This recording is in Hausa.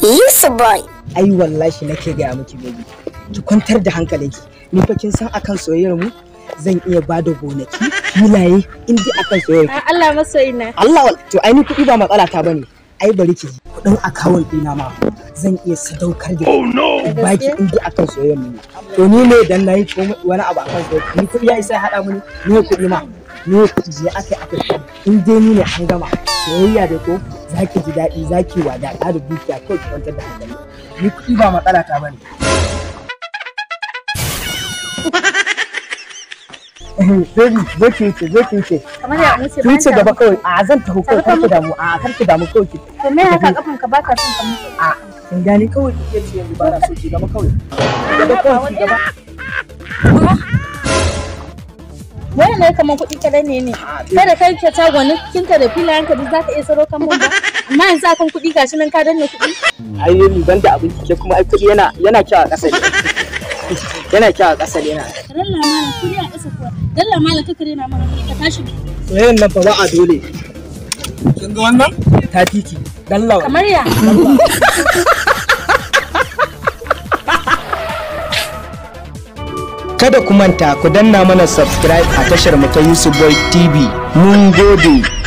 Yusu boy. Ai wallahi nake gaya miki baby. Ki kwantar da hankalinki. Ni fa kin san akan soyayyar mu zan iya bada gonaki, filaye, in dai akan soyayyar. Allah masoyina. Allah to ai ni kuɗi ba matsala ta bane. Ai bari ki kuɗin akawun ɗina ma zan iya sadaukar da oh no baki in dai akan soyayyar mu. To ni ne dan nayi wani abu akan soyayya. Ni kuɗi ya isa ya haɗa muni? ni kuɗi ma. Ni kuɗi ya akai akai. in dai ni ne an gama soyayya da ko za ki ji daɗi za ki wadata da dukiya ko ki kwantar da hankali ni kuɗi ba matsala ta bane Baby, zo ki wuce, zo ki wuce. Kamar ya wuce ba. Wuce gaba kawai. A zan taho kawai kar ki damu. A kar ki damu kawai ki. To me ka kafan ka ba ka son ka mutu? A kin gani kawai ki ce yanzu ba na so ki gaba kawai. Gaba kawai ki gaba. ne ka ya kaman kuɗi kaɗan ne ne kada kai ka ta gwani kin ka da filan ka duk zaka iya saro kan mun ba amma yanzu akan kuɗi gashi nan ka danna kuɗi ai ni ban da abin ke kuma ai kuɗi yana yana kyawa ƙasa ne yana kyawa ƙasa ne na dalla kuɗi a ƙasa kuwa dalla malam ka kare na mana ka tashi soyayyen nan fa ba a dole kin ga wannan ta titi dalla kamar ya kada ku manta ku danna mana subscribe a tashar mu ta Yusuf Boy TV mun gode